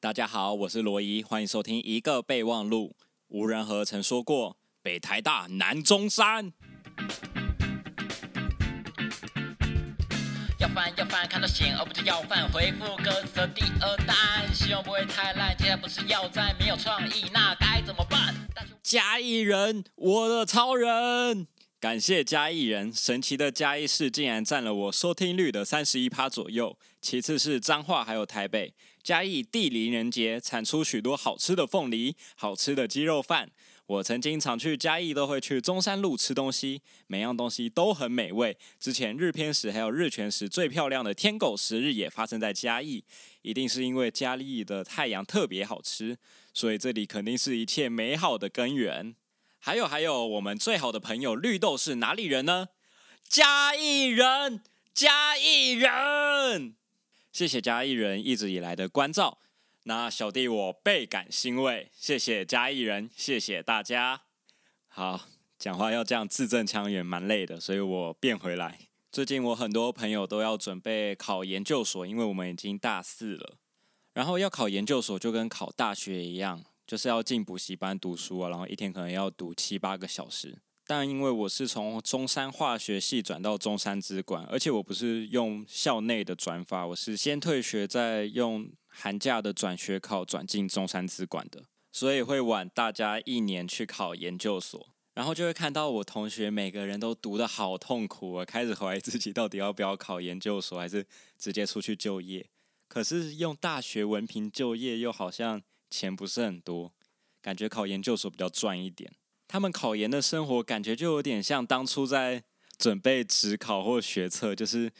大家好，我是羅伊，歡迎收聽一個備忘錄。吳仁和曾說過：“北台大，南中山。”要翻要翻，看到險惡，而不要飯回復格的第二單希望不會太爛。今天不是要在沒有創意，那該怎麼辦？嘉義人，我的超人，感謝嘉義人。神奇的嘉義市竟然佔了我收聽率的三十一趴左右，其次是彰化，還有台北。嘉義地靈人傑，產出許多好吃的鳳梨、好吃的雞肉飯。我曾經常去嘉義，都會去中山路吃東西，每樣東西都很美味。之前日偏食還有日全食最漂亮的天狗食日也發生在嘉義，一定是因為嘉義的太陽特別好吃，所以這裡肯定是一切美好的根源。還有還有，我們最好的朋友綠豆是哪裡人呢？嘉義人，嘉義人。謝謝嘉義人一直以來的關照，那小弟我倍感欣慰。謝謝嘉義人，謝謝大家。好，講話要這樣字正腔圓，蠻累的，所以我變回來。最近我很多朋友都要準備考研究所，因為我們已經大四了。然後要考研究所就跟考大學一樣，就是要進補習班讀書啊，然後一天可能要讀七八個小時。但因為我是從中山化學系轉到中山資管，而且我不是用校內的轉法，我是先退學，再用寒假的轉學考轉進中山資管的，所以會晚大家一年去考研究所。然後就會看到我同學每個人都讀得好痛苦啊，開始懷疑自己到底要不要考研究所，還是直接出去就業。可是用大學文憑就業又好像錢不是很多，感覺考研究所比較賺一點。他們考研的生活感覺就有點像當初在準備指考或學測，就是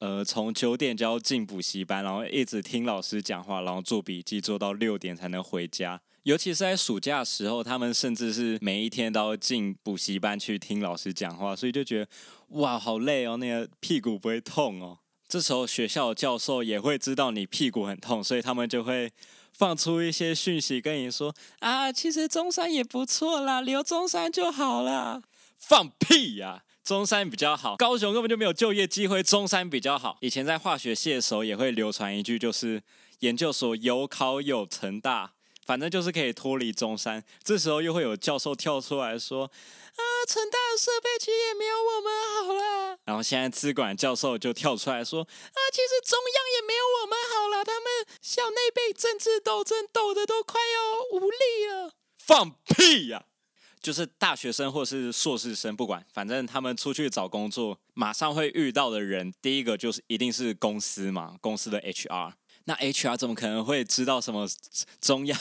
呃，從九點就要進補習班，然後一直聽老師講話，然後做筆記，做到六點才能回家。尤其是在暑假時候，他們甚至是每一天都要進補習班去聽老師講話，所以就覺得哇，好累哦，那個屁股不會痛哦。這時候學校的教授也會知道你屁股很痛，所以他們就會。放出一些訊息跟你說啊，其實中山也不錯啦，留中山就好啦。放屁呀、啊，中山比較好，高雄根本就沒有就業機會，中山比較好。以前在化學系的時候，也會流傳一句，就是研究所有考有成大。反正就是可以脫離中山，這時候又會有教授跳出來說：“啊，成大的設備其實也沒有我們好了。”然後現在資管教授就跳出來說：“啊，其實中央也沒有我們好了，他們校內被政治鬥爭鬥得都快要無力了。”放屁呀、啊！就是大學生或是碩士生，不管，反正他們出去找工作，馬上會遇到的人，第一個就是一定是公司嘛，公司的 HR。那 H R 怎麼可能會知道什麼中央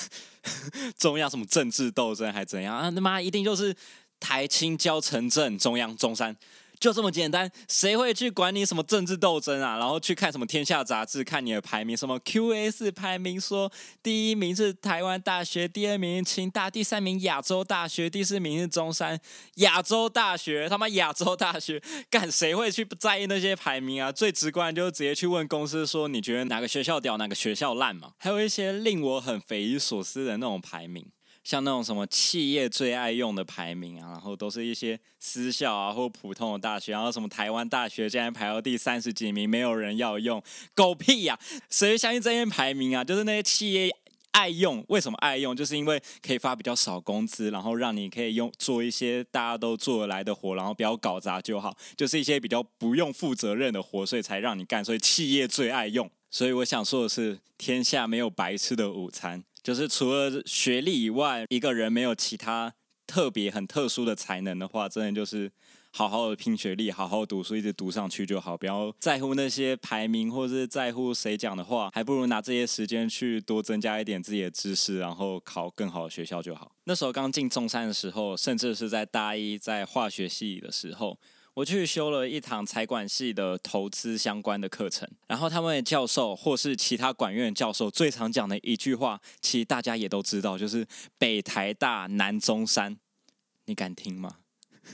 中央什麼政治鬥爭還怎樣啊？他媽一定就是台清交城鎮中央中山。就這麼簡單，誰會去管你什麼政治鬥爭啊？然後去看什麼天下雜誌，看你的排名，什麼 QS 排名說第一名是台灣大學，第二名清大，第三名亞洲大學，第四名是中山亞洲大學。他媽亞洲大學，幹誰會去不在意那些排名啊？最直觀就是直接去問公司說，你覺得哪個學校屌，哪個學校爛嘛？還有一些令我很匪夷所思的那種排名。像那種什麼企業最愛用的排名啊，然後都是一些私校啊或普通的大學，然後什麼台灣大學竟然排到第三十幾名，沒有人要用，狗屁呀、啊！誰相信這些排名啊？就是那些企業愛用，為什麼愛用？就是因為可以發比較少工資，然後讓你可以用做一些大家都做得來的活，然後不要搞砸就好，就是一些比較不用負責任的活，所以才讓你幹。所以企業最愛用。所以我想說的是，天下沒有白吃的午餐，就是除了學歷以外，一個人沒有其他特別很特殊的才能的話，真的就是好好的拼學歷，好好讀書，一直讀上去就好，不要在乎那些排名或者是在乎誰講的話，還不如拿這些時間去多增加一點自己的知識，然後考更好的學校就好。那時候剛進中山的時候，甚至是在大一在化學系的時候。我去修了一堂財管系的投資相關的課程，然後他們的教授或是其他管院教授最常講的一句話，其實大家也都知道，就是北台大、南中山，你敢聽嗎？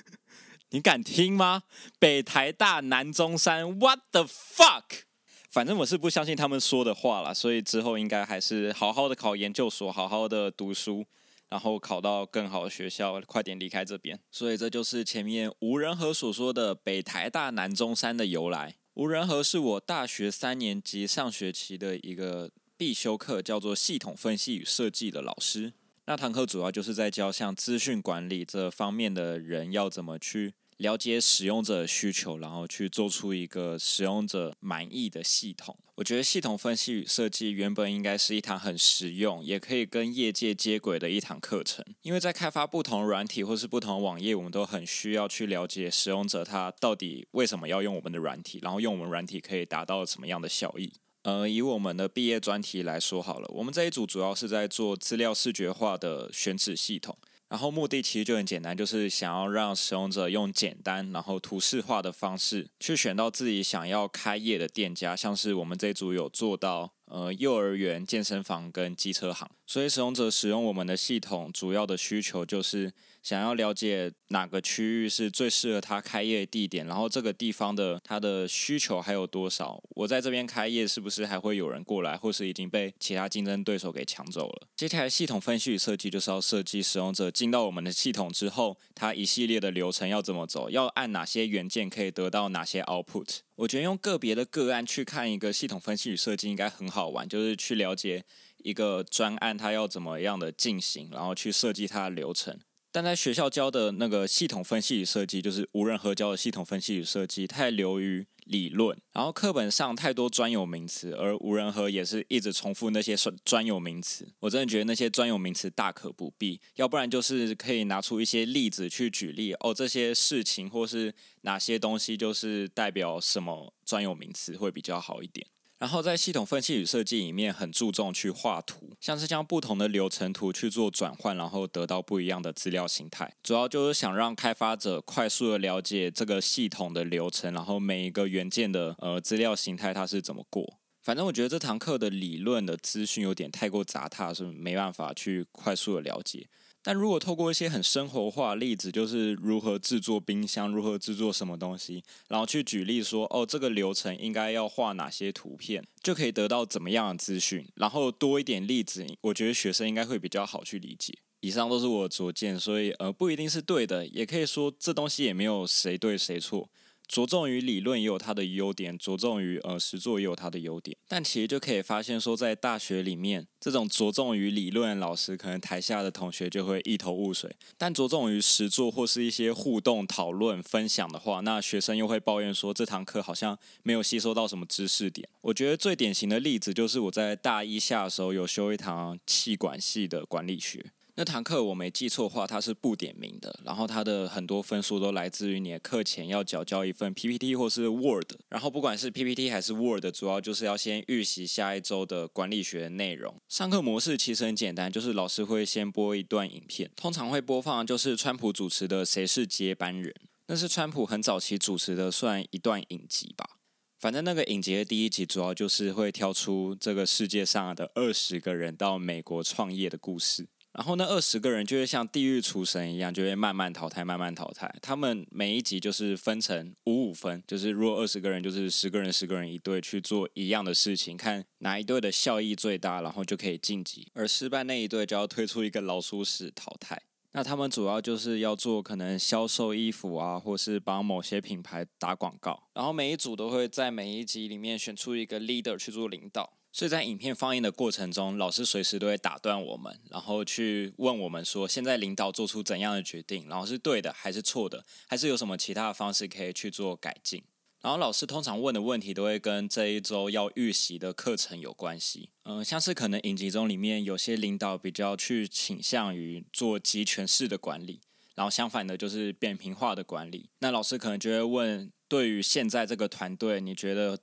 你敢聽嗎？北台大、南中山，What the fuck！反正我是不相信他們說的話啦，所以之後應該還是好好的考研究所，好好的讀書。然後考到更好的學校，快點離開這邊。所以這就是前面吳仁和所說的“北台大、南中山”的由來。吳仁和是我大學三年級上學期的一個必修課，叫做“系統分析與設計”的老師。那堂課主要就是在教像資訊管理這方面的人要怎麼去。了解使用者的需求，然後去做出一個使用者滿意的系統。我覺得系統分析與設計原本應該是一堂很實用，也可以跟業界接軌的一堂課程。因為在開發不同的軟體或是不同的網頁，我們都很需要去了解使用者他到底為什麼要用我們的軟體，然後用我們軟體可以達到什麼樣的效益。嗯、呃，以我們的畢業專題來說好了，我們這一組主要是在做資料視覺化的選址系統。然後目的其實就很簡單，就是想要讓使用者用簡單然後圖示化的方式去選到自己想要開業的店家，像是我們這組有做到。呃，幼兒園、健身房跟機車行，所以使用者使用我們的系統，主要的需求就是想要了解哪個區域是最適合他開業地點，然後這個地方的他的需求還有多少，我在這邊開業是不是還會有人過來，或是已經被其他競爭對手給搶走了？接下來系統分析與設計就是要設計使用者進到我們的系統之後，他一系列的流程要怎麼走，要按哪些元件，可以得到哪些 output。我覺得用個別的個案去看一個系統分析與設計應該很好玩，就是去了解一個專案它要怎麼樣的進行，然後去設計它的流程。但在學校教的那個系統分析與設計，就是吳仁和教的系統分析與設計，太流於。理論，然後課本上太多專有名詞，而吳仁和也是一直重複那些專有名詞。我真的覺得那些專有名詞大可不必，要不然就是可以拿出一些例子去舉例哦，這些事情或是哪些東西就是代表什麼專有名詞會比較好一點。然後在系統分析與設計裡面很注重去畫圖，像是將不同的流程圖去做轉換，然後得到不一樣的資料形態。主要就是想讓開發者快速的了解這個系統的流程，然後每一個元件的呃資料形態它是怎麼過。反正我覺得這堂課的理論的資訊有點太過雜沓，它是沒辦法去快速的了解。但如果透過一些很生活化的例子，就是如何製作冰箱，如何製作什麼東西，然後去舉例說，哦，這個流程應該要畫哪些圖片，就可以得到怎麼樣的資訊，然後多一點例子，我覺得學生應該會比較好去理解。以上都是我的拙見，所以呃，不一定是對的，也可以說這東西也沒有誰對誰錯。着重於理論也有它的優點，着重於呃實作也有它的優點，但其實就可以發現說，在大學裡面，這種着重於理論的老師可能台下的同學就會一頭霧水；但着重於實作或是一些互動討論分享的話，那學生又會抱怨說這堂課好像沒有吸收到什麼知識點。我覺得最典型的例子就是我在大一下的時候有修一堂企管系的管理學。那堂課我沒記錯的話，它是不點名的。然後它的很多分數都來自於你的課前要繳交一份 PPT 或是 Word。然後不管是 PPT 還是 Word，主要就是要先預習下一週的管理學的內容。上課模式其實很簡單，就是老師會先播一段影片，通常會播放就是川普主持的《誰是接班人》，那是川普很早期主持的，算一段影集吧。反正那個影集的第一集主要就是會挑出這個世界上的二十個人到美國創業的故事。然後那二十個人就會像地獄廚神一樣，就會慢慢淘汰，慢慢淘汰。他們每一集就是分成五五分，就是如果二十個人就是十個人十個人一隊去做一樣的事情，看哪一隊的效益最大，然後就可以晉級，而失敗那一隊就要推出一個老鼠屎淘汰。那他們主要就是要做可能銷售衣服啊，或是幫某些品牌打廣告。然後每一組都會在每一集裡面選出一個 leader 去做領導。所以在影片放映的過程中，老師隨時都會打斷我們，然後去問我們說：現在領導做出怎樣的決定？然後是對的還是錯的？還是有什麼其他的方式可以去做改進？然後老師通常問的問題都會跟這一周要預習的課程有關係。嗯、呃，像是可能影集中裡面有些領導比較去傾向於做集權式的管理，然後相反的就是扁平化的管理。那老師可能就會問：對於現在這個團隊，你覺得？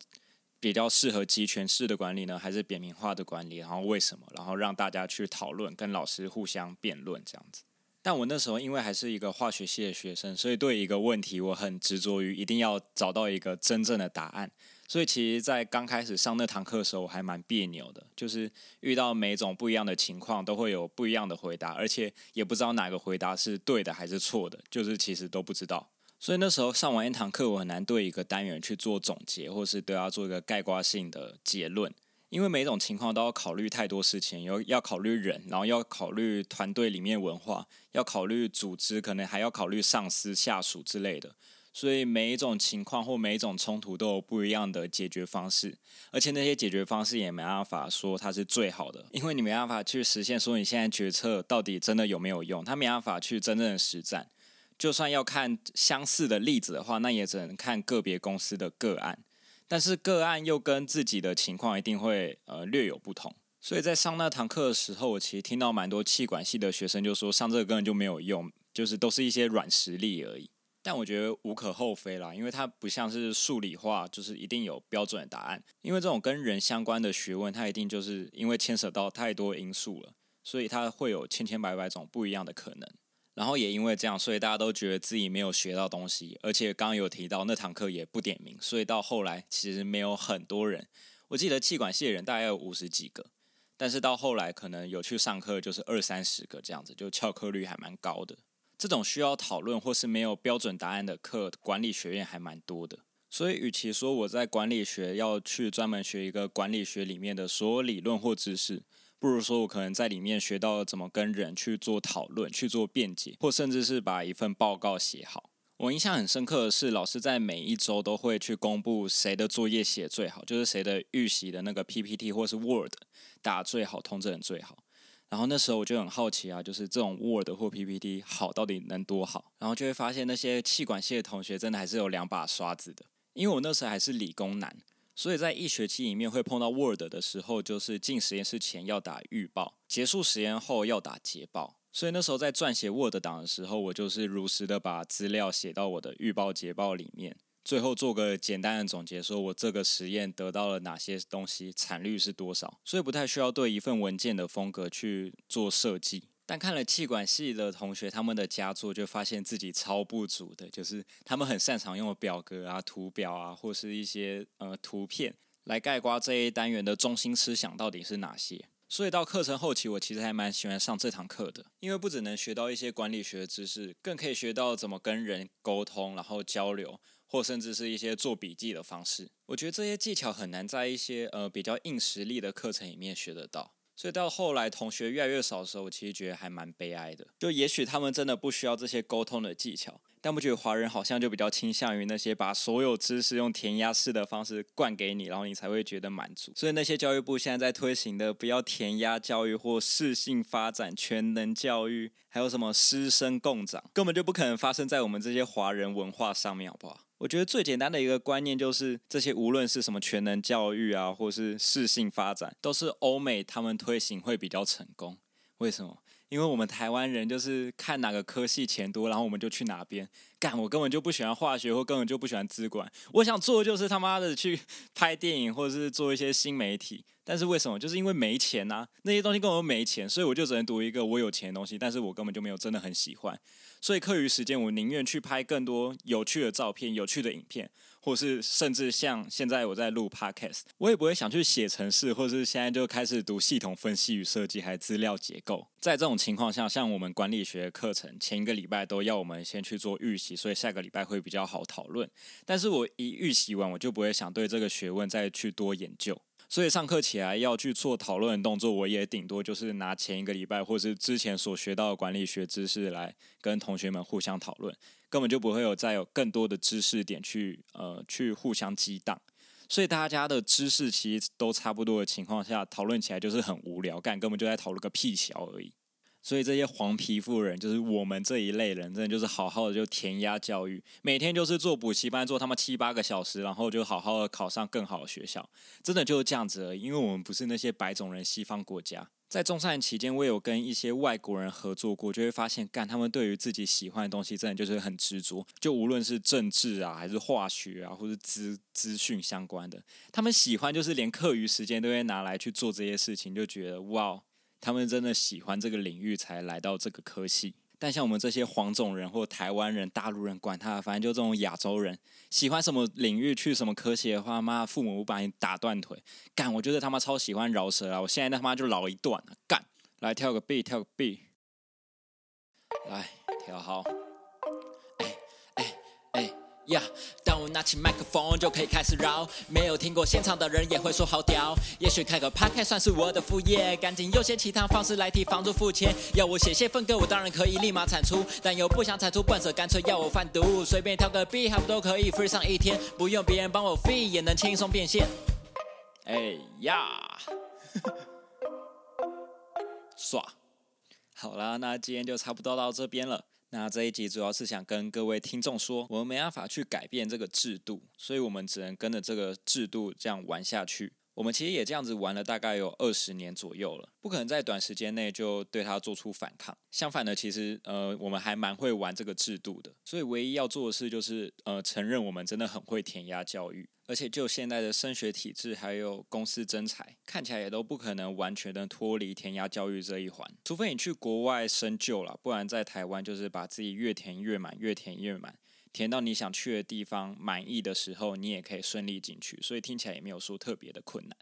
比較適合集權式的管理呢，還是扁平化的管理？然後為什麼？然後讓大家去討論，跟老師互相辯論這樣子。但我那時候因為還是一個化學系的學生，所以對一個問題我很執着於一定要找到一個真正的答案。所以其實，在剛開始上那堂課的時候，我還蠻彆扭的，就是遇到每一種不一樣的情況都會有不一樣的回答，而且也不知道哪個回答是對的還是錯的，就是其實都不知道。所以那時候上完一堂課，我很難對一個單元去做總結，或是對它做一個概括性的結論。因為每一種情況都要考慮太多事情，有要考慮人，然後要考慮團隊裡面文化，要考慮組織，可能還要考慮上司、下屬之類的。所以每一種情況或每一種衝突都有不一樣的解決方式，而且那些解決方式也沒辦法說它是最好的，因為你沒辦法去實現說你現在決策到底真的有沒有用，他沒辦法去真正的實戰。就算要看相似的例子的話，那也只能看個別公司的個案，但是個案又跟自己的情況一定會呃略有不同。所以在上那堂課的時候，我其實聽到蠻多企管系的學生就說上這個根本就沒有用，就是都是一些軟實力而已。但我覺得無可厚非啦，因為它不像是數理化，就是一定有標準的答案。因為這種跟人相關的學問，它一定就是因為牽扯到太多因素了，所以它會有千千百百種不一樣的可能。然後也因為這樣，所以大家都覺得自己沒有學到東西。而且剛剛有提到那堂課也不點名，所以到後來其實沒有很多人。我記得企管系人大概有五十幾個，但是到後來可能有去上課就是二三十個這樣子，就翹課率還蠻高的。這種需要討論或是沒有標準答案的課，管理學院還蠻多的。所以與其說我在管理學要去專門學一個管理學裡面的所有理論或知識。不如說，我可能在裡面學到怎麼跟人去做討論、去做辯解，或甚至是把一份報告寫好。我印象很深刻的是，老師在每一週都會去公布誰的作業寫最好，就是誰的預習的那個 PPT 或是 Word 打最好、通知人最好。然後那時候我就很好奇啊，就是這種 Word 或 PPT 好到底能多好？然後就會發現那些企管系的同學真的還是有兩把刷子的，因為我那時候還是理工男。所以在一學期裡面會碰到 Word 的時候，就是進實驗室前要打預報，結束實驗後要打捷報。所以那時候在撰寫 Word 檔的時候，我就是如實的把資料寫到我的預報、捷報裡面，最後做個簡單的總結，說我這個實驗得到了哪些東西，產率是多少。所以不太需要對一份文件的風格去做設計。但看了企管系的同學他們的佳作，就發現自己超不足的，就是他們很擅長用表格啊、圖表啊，或是一些呃圖片來概括這一單元的中心思想到底是哪些。所以到課程後期，我其實還蠻喜歡上這堂課的，因為不只能學到一些管理學的知識，更可以學到怎麼跟人溝通，然後交流，或甚至是一些做筆記的方式。我覺得這些技巧很難在一些呃比較硬實力的課程裡面學得到。所以到後來，同學越來越少的時候，我其實覺得還蠻悲哀的。就也許他們真的不需要這些溝通的技巧。但我覺得華人好像就比較傾向於那些把所有知識用填鴨式的方式灌給你，然後你才會覺得滿足。所以那些教育部現在在推行的“不要填鴨教育”或“適性發展”“全能教育”，還有什麼“師生共長”，根本就不可能發生在我們這些華人文化上面，好不好？我覺得最簡單的一個觀念就是，這些無論是什麼“全能教育”啊，或是“適性發展”，都是歐美他們推行會比較成功。為什麼？因為我們台灣人就是看哪個科系錢多，然後我們就去哪邊幹。我根本就不喜歡化學，或根本就不喜歡資管。我想做的就是他媽的去拍電影，或者是做一些新媒體。但是為什麼？就是因為沒錢啊！那些東西根本都沒錢，所以我就只能讀一個我有錢的東西。但是我根本就沒有真的很喜歡。所以課餘時間，我寧願去拍更多有趣的照片、有趣的影片。或是甚至像現在我在錄 podcast，我也不會想去寫程式，或是現在就開始讀系統分析與設計，還有資料結構。在這種情況下，像我們管理學的課程，前一個禮拜都要我們先去做預習，所以下個禮拜會比較好討論。但是我一預習完，我就不會想對這個學問再去多研究。所以上課起來要去做討論的動作，我也頂多就是拿前一個禮拜或是之前所學到的管理學知識來跟同學們互相討論。根本就不會有再有更多的知識點去呃、去互相激盪，所以大家的知識其實都差不多的情況下，討論起來就是很無聊。幹，根本就在討論個屁小而已。所以這些黃皮膚人，就是我們這一類人，真的就是好好的就填鴨教育，每天就是做補習班，做他媽七八個小時，然後就好好的考上更好的學校，真的就是這樣子而已。因為我們不是那些白種人西方國家。在中山期間，我有跟一些外國人合作過，就會發現，干他們對於自己喜歡的東西，真的就是很執着。就無論是政治啊，還是化學啊，或是資資訊相關的，他們喜歡就是連課餘時間都會拿來去做這些事情，就覺得哇，他們真的喜歡這個領域，才來到這個科系。但像我們這些黃種人或台灣人、大陸人，管他反正就這種亞洲人，喜歡什麼領域去什麼科學的話，媽的，父母不把你打斷腿。幹，我覺得他媽超喜歡饒舌啊！我現在他媽就饒一段了，幹，來跳個 B，跳個 B，來跳好。呀，yeah, 當我拿起麥克風就可以開始繞，沒有聽過現場的人也會說好屌。也許開個派對算是我的副業，趕緊用些其他方式來替房租付錢。要我寫些副歌，我當然可以立馬產出，但又不想產出慣者，乾脆要我販毒。隨便挑個 beat 都可以 free 上一天，不用別人幫我 fee 也能輕鬆變現。哎呀，爽。 好啦，那今天就差不多到這邊了。那這一集主要是想跟各位聽眾說，我們沒辦法去改變這個制度，所以我們只能跟着這個制度這樣玩下去。我們其實也這樣子玩了大概有二十年左右了，不可能在短時間內就對它做出反抗。相反的，其實呃，我們還蠻會玩這個制度的。所以唯一要做的事就是呃，承認我們真的很會填鴨教育。而且就現在的升學體制，還有公司徵才，看起來也都不可能完全的脫離填鴨教育這一環。除非你去國外生救了，不然在台灣就是把自己越填越滿，越填越滿，填到你想去的地方滿意的時候，你也可以順利進去。所以聽起來也沒有說特別的困難。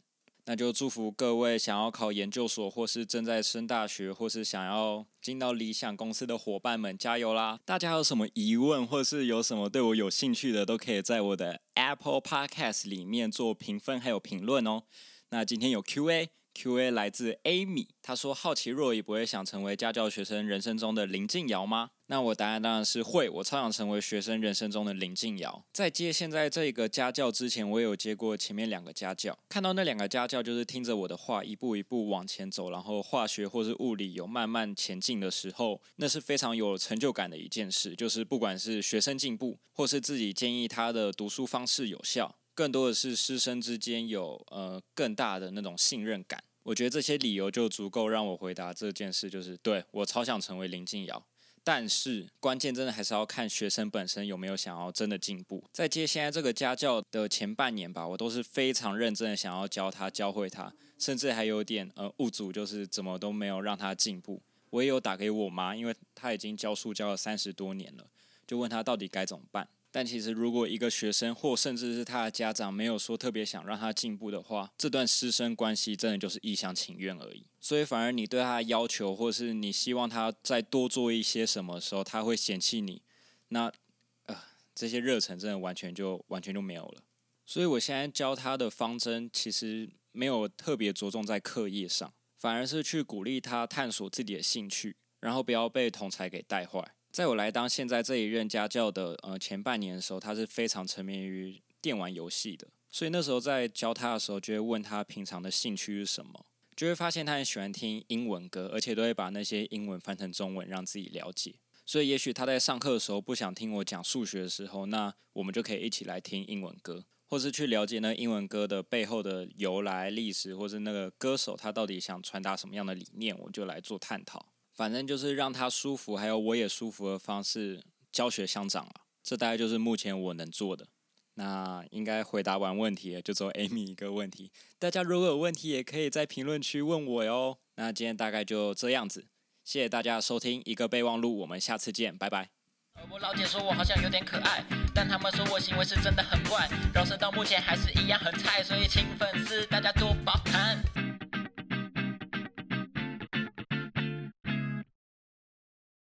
那就祝福各位想要考研究所，或是正在升大學，或是想要進到理想公司的夥伴們加油啦！大家有什麼疑問，或是有什麼對我有興趣的，都可以在我的 Apple Podcast 裡面做評分還有評論哦。那今天有 QA。Q&A 來自 Amy，他說：“好奇若也不會想成為家教學生人生中的林靜瑤嗎？”那我答案當然是會，我超想成為學生人生中的林靜瑤。在接現在這個家教之前，我也有接過前面兩個家教，看到那兩個家教就是聽着我的話一步一步往前走，然後化學或是物理有慢慢前進的時候，那是非常有成就感的一件事。就是不管是學生進步，或是自己建議他的讀書方式有效。更多的是師生之間有呃更大的那種信任感，我覺得這些理由就足夠讓我回答這件事，就是對，我超想成為林靜瑤，但是關鍵真的還是要看學生本身有沒有想要真的進步。在接現在這個家教的前半年吧，我都是非常認真的想要教他教會他，甚至還有點呃無助，就是怎麼都沒有讓他進步。我也有打給我媽，因為她已經教書教了三十多年了，就問她到底該怎麼辦。但其實，如果一個學生或甚至是他的家長沒有說特別想讓他進步的話，這段師生關係真的就是一廂情願而已。所以，反而你對他的要求，或是你希望他再多做一些什麼的時候，他會嫌棄你。那，呃，這些熱忱真的完全就完全就沒有了。所以，我現在教他的方針其實沒有特別着重在課業上，反而是去鼓勵他探索自己的興趣，然後不要被同儕給帶壞。在我來當現在這一任家教的呃前半年的時候，他是非常沉迷於電玩遊戲的。所以那時候在教他的時候，就會問他平常的興趣是什麼，就會發現他很喜歡聽英文歌，而且都會把那些英文翻成中文讓自己了解。所以也許他在上課的時候不想聽我講數學的時候，那我們就可以一起來聽英文歌，或是去了解那英文歌的背後的由來、歷史，或是那個歌手他到底想傳達什麼樣的理念，我就來做探討。反正就是讓他舒服，還有我也舒服的方式教學相長，這大概就是目前我能做的。那應該回答完問題了，就只有 Amy 一個問題。大家如果有問題，也可以在評論區問我喲。那今天大概就這樣子，謝謝大家收聽一個備忘錄，我們下次見，拜拜。我老姐說，我好像有點可愛，但他們說我行為是真的很怪，饒舌到目前還是一樣很菜，所以請粉絲大家多包涵。